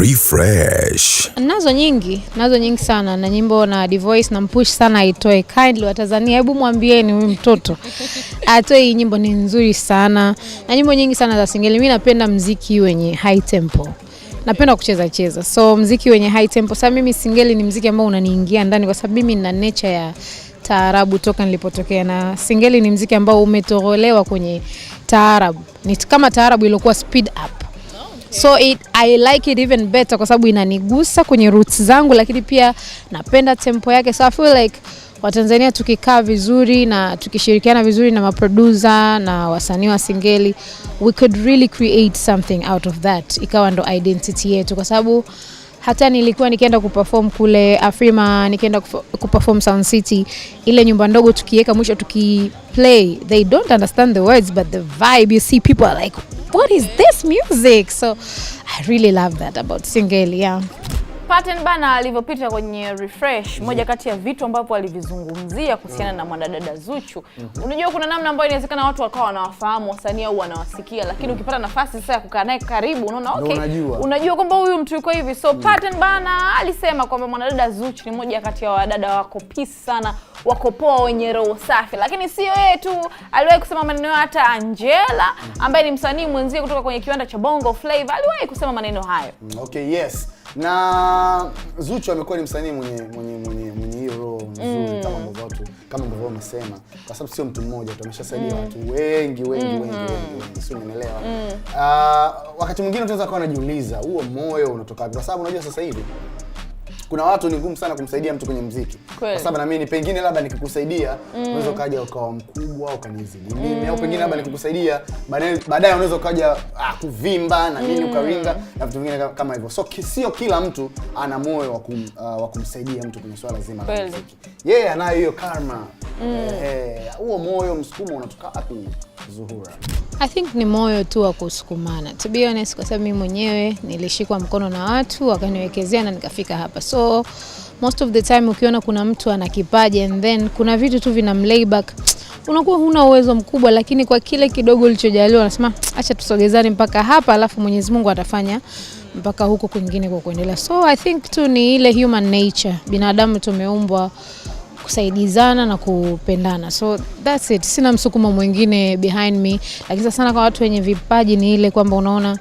Refresh. Nazo nyingi, nazo nyingi sana na nyimbo na Dvoice na mpush sana aitoe. Kindly Watanzania, hebu mwambieni huyu mtoto atoe hii nyimbo, ni nzuri sana na nyimbo nyingi sana za singeli. Mimi napenda mziki wenye high tempo napenda kucheza cheza, so mziki wenye high tempo. Sasa mimi singeli ni mziki ambao unaniingia ndani, kwa sababu mimi nina nature ya taarabu toka nilipotokea, na singeli ni mziki ambao umetorolewa kwenye taarabu. Ni kama taarabu iliyokuwa speed up so it, I like it even better kwa sababu inanigusa kwenye roots zangu, lakini pia napenda tempo yake, so I feel like Watanzania tukikaa vizuri na tukishirikiana vizuri na maproducer na wasanii wa singeli, we could really create something out of that, ikawa ndo identity yetu, kwa sababu hata nilikuwa nikienda kuperform kule Afrima, nikienda kuperform Sound City, ile nyumba ndogo tukiweka mwisho tukiplay, they don't understand the words but the vibe you see people are like what is this music? So I really love that about Singeli, yeah. Paten bana alivyopita kwenye refresh, mhm. moja kati ya vitu ambavyo alivizungumzia kuhusiana na mwanadada Zuchu. Mhm. Unajua kuna namna ambayo inawezekana watu wakawa wanawafahamu wasanii au wanawasikia, lakini mhm. ukipata nafasi sasa ya kukaa naye karibu, unaona okay, unajua kwamba huyu mtu yuko hivi. So Paten bana alisema kwamba mwanadada Zuchu ni moja kati ya wadada wako pisi sana, wako poa, wenye roho safi. Lakini sio yeye tu, aliwahi kusema maneno hata Angela ambaye ni msanii mwenzie kutoka kwenye kiwanda cha Bongo Flava aliwahi kusema maneno hayo. Mm, okay, yes na Zuchu amekuwa ni msanii mwenye mwenye mwenye mwenye hiyo roho nzuri mm. kama ambavyo watu kama ambavyo wamesema, kwa sababu sio mtu mmoja tu, ameshasaidia mm. watu wengi wengi mm-hmm. wengi wengi, sio uh, mm. ah, Wakati mwingine tunaweza kuwa najiuliza huo moyo unatoka wapi, kwa sababu unajua sasa hivi kuna watu ni ngumu sana kumsaidia mtu kwenye mziki, kwa sababu na mimi pengine labda nikikusaidia mm. unaweza mm. ukaja ukawa mkubwa ukanizidi mimi mm. au pengine labda nikikusaidia baadaye unaweza ukaja ah, kuvimba na nini mm. ukaringa na vitu vingine kama hivyo. So sio kila mtu ana moyo wa kum, uh, kumsaidia mtu kwenye swala zima la mziki. Yeye yeah, anayo hiyo karma huo mm. eh, moyo msukumo unatoka wapi? Zuhura I think ni moyo tu wa kusukumana, to be honest, kwa sababu mimi mwenyewe nilishikwa mkono na watu wakaniwekezea na nikafika hapa, so most of the time ukiona kuna mtu ana kipaji and then kuna vitu tu vina mlayback, unakuwa huna uwezo mkubwa, lakini kwa kile kidogo ulichojaliwa unasema acha tusogezane mpaka hapa, alafu Mwenyezi Mungu atafanya mpaka huko kwingine kwa kuendelea. So I think tu ni ile human nature, binadamu tumeumbwa kusaidizana na kupendana. So that's it. Sina msukumo mwingine behind me, lakini sana kwa watu wenye vipaji ni ile kwamba unaona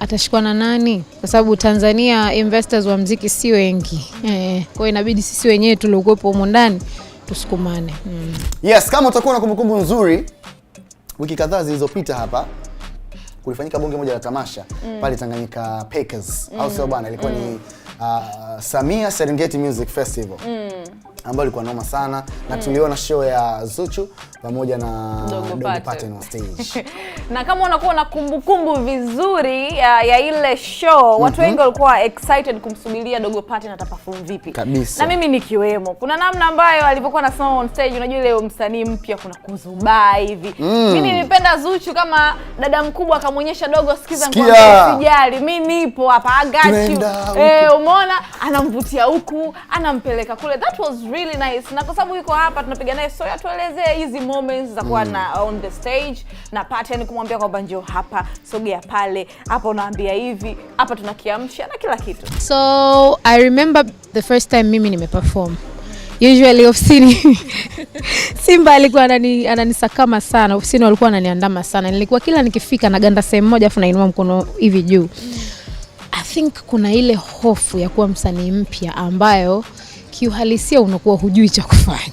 atashikwa na nani? Kwa sababu Tanzania investors wa mziki si wengi eh, kwa inabidi sisi wenyewe tuliokuwepo humo ndani tusukumane. Mm. Yes, kama utakuwa na kumbukumbu nzuri, wiki kadhaa zilizopita hapa kulifanyika bonge moja la tamasha mm. pale Tanganyika Packers mm. au sio bwana, ilikuwa mm. ni uh, Samia Serengeti Music Festival mm ambayo ilikuwa noma sana na mm. tuliona show ya Zuchu pamoja na Dogo Paten on stage. Na kama unakuwa na kumbukumbu vizuri ya, ya ile show mm -hmm. Watu mhm. wengi walikuwa excited kumsubiria Dogo Paten ataperform vipi kabisa, na mimi nikiwemo. Kuna namna ambayo alivyokuwa song on stage, unajua ile msanii mpya kuna kuzubaa hivi mm. Mimi nilipenda Zuchu kama dada mkubwa akamwonyesha Dogo, sikiza ngoma, sijali mimi nipo hapa, I got you. Eh, umeona anamvutia huku anampeleka kule, that was really nice, na kwa sababu yuko hapa tunapiga naye Soya, tuelezee hizi moments za kuwa mm. na on the stage na yani kumwambia kwamba njoo hapa, sogea pale, hapa unaambia hivi, hapa tunakiamsha na kila kitu. So I remember the first time mimi nimeperform usually ofisini Simba alikuwa anani, ananisakama sana ofisini, walikuwa ananiandama sana. Nilikuwa kila nikifika naganda sehemu moja, afu nainua mkono hivi juu. I think kuna ile hofu ya kuwa msanii mpya ambayo kiuhalisia unakuwa hujui cha kufanya.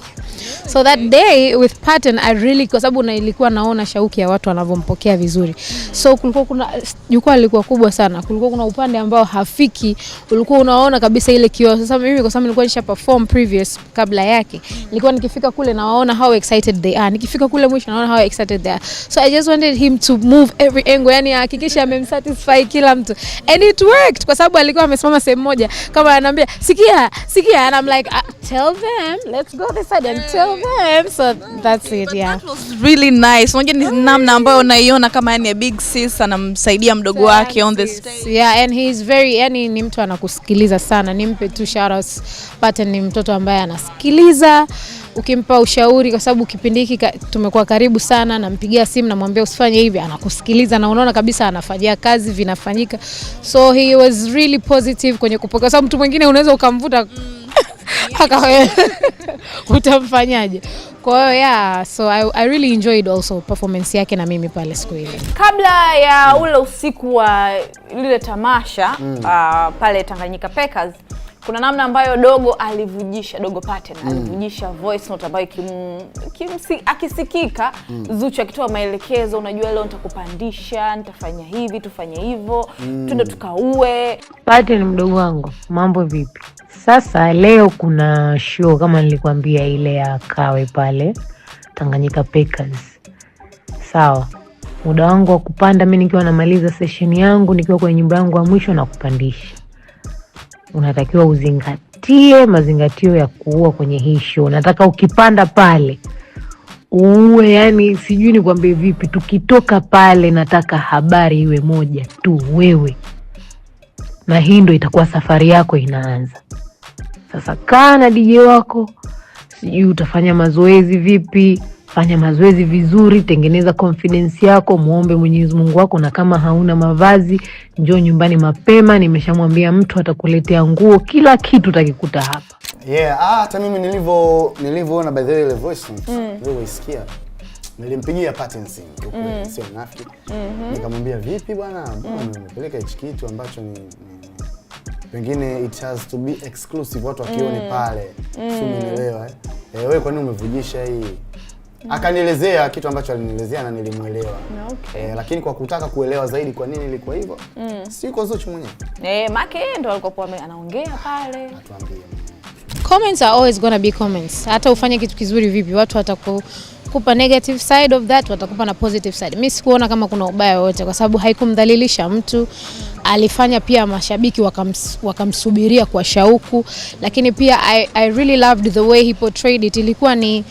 So that day with Patton I really kwa sababu nilikuwa naona shauki ya watu wanavyompokea vizuri. So kulikuwa kuna jukwaa lilikuwa kubwa sana. Kulikuwa kuna upande ambao hafiki, ulikuwa unaona kabisa ile kioo. Sasa mimi kwa sababu nilikuwa nisha perform previous kabla yake. Nilikuwa nikifika kule na waona how excited they are. Nikifika kule mwisho naona how excited they are. So I just wanted him to move every angle, yani hakikisha amemsatisfy kila mtu. And it worked kwa sababu alikuwa amesimama sehemu moja kama anaambia, "Sikia, sikia." And I'm like, ah, "Tell them, let's go this side and tell so babe, so that's it, yeah. That was really nice. Unajua ni namna ambayo unaiona kama yani a big sis anamsaidia mdogo wake on the stage. Yeah, and he is very yani ni mtu anakusikiliza sana. Nimpe tu shout out. Paten ni mtoto ambaye anasikiliza ukimpa ushauri, kwa sababu kipindi hiki tumekuwa karibu sana, nampigia simu, namwambia usifanye hivi, anakusikiliza na unaona kabisa anafanyia kazi, vinafanyika. So he was really positive kwenye kupokea, kwa sababu mtu mwingine unaweza ukamvuta mm. utamfanyaje? Kwa hiyo yeah, so I, I really enjoyed also performance yake na mimi pale siku ile, kabla ya ule usiku wa lile tamasha mm. uh, pale Tanganyika Packers kuna namna ambayo Dogo alivujisha Dogo Paten mm. alivujisha voice note ambayo kim, kim si, akisikika mm. Zuchu akitoa maelekezo, unajua leo nitakupandisha, nitafanya hivi, tufanye hivyo mm. twende tukaue. Paten mdogo wangu, mambo vipi? Sasa leo kuna show kama nilikwambia, ile ya Kawe pale Tanganyika Packers, sawa muda wangu wa kupanda mi nikiwa namaliza session yangu nikiwa kwenye nyumba yangu ya mwisho na kupandisha unatakiwa uzingatie mazingatio ya kuua kwenye hii show. Nataka ukipanda pale uue, yani sijui nikwambie vipi. Tukitoka pale, nataka habari iwe moja tu, wewe na hii ndo itakuwa safari yako inaanza sasa. Kaa na DJ wako, sijui utafanya mazoezi vipi fanya mazoezi vizuri, tengeneza konfidensi yako, muombe Mwenyezi Mungu wako. Na kama hauna mavazi, njoo nyumbani mapema, nimeshamwambia mtu atakuletea nguo, kila kitu takikuta hapa. Yeah, ah, hata mimi nilivyo nilivyoona by the way ile voice nilivyoisikia mm. nilimpigia Patency mm. sio nafiki mm -hmm. nikamwambia vipi bwana, mm. nimepeleka hichi kitu ambacho ni, ni pengine it has to be exclusive, watu wakioni mm. pale mm. sio, umeelewa eh? eh? Wewe kwa nini umevujisha hii akanielezea kitu ambacho alinielezea na nilimwelewa. Okay. E, lakini kwa kutaka kuelewa zaidi kwa nini ilikuwa hivyo mm. si kwa Zuchu mwenyewe eh, make ndo alikuwa anaongea pale. Atuambie. Comments are always gonna be comments. Hata ufanye kitu kizuri vipi, watu kupa negative side of that, watakupa na positive side. Mimi sikuona kama kuna ubaya wowote, kwa sababu haikumdhalilisha mtu. Alifanya pia mashabiki wakams, wakamsubiria kwa shauku, lakini pia I, I really loved the way he portrayed it. Ilikuwa ni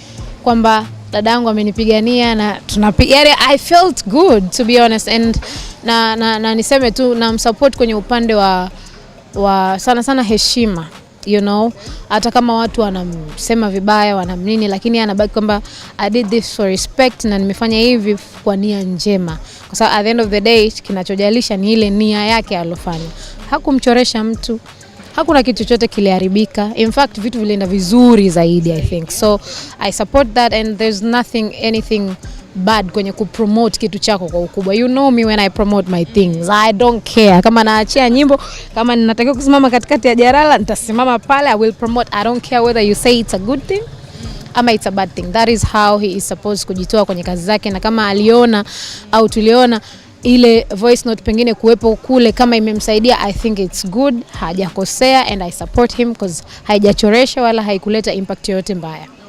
kwamba dadangu amenipigania na tunapiga, yani I felt good to be honest and na, na, na niseme tu namsupport kwenye upande wa, wa sana sana heshima you know, hata kama watu wanamsema vibaya wanamnini, lakini anabaki kwamba I did this for respect, na nimefanya hivi kwa nia njema, kwa sababu at the end of the day kinachojalisha ni ile nia yake alofanya. Hakumchoresha mtu hakuna kitu chochote kiliharibika. In fact vitu vilienda vizuri zaidi I think so I support that and there's nothing anything bad kwenye kupromote kitu chako kwa ukubwa. You know me when I promote my things. I don't care kama naachia nyimbo, kama ninatakiwa kusimama katikati ya jarala nitasimama pale. I will promote. I don't care whether you say it's a good thing ama it's a bad thing. That is how he is supposed kujitoa kwenye kazi zake, na kama aliona au tuliona ile voice note pengine kuwepo kule, kama imemsaidia, I think it's good, hajakosea and I support him cause haijachoresha wala haikuleta impact yoyote mbaya.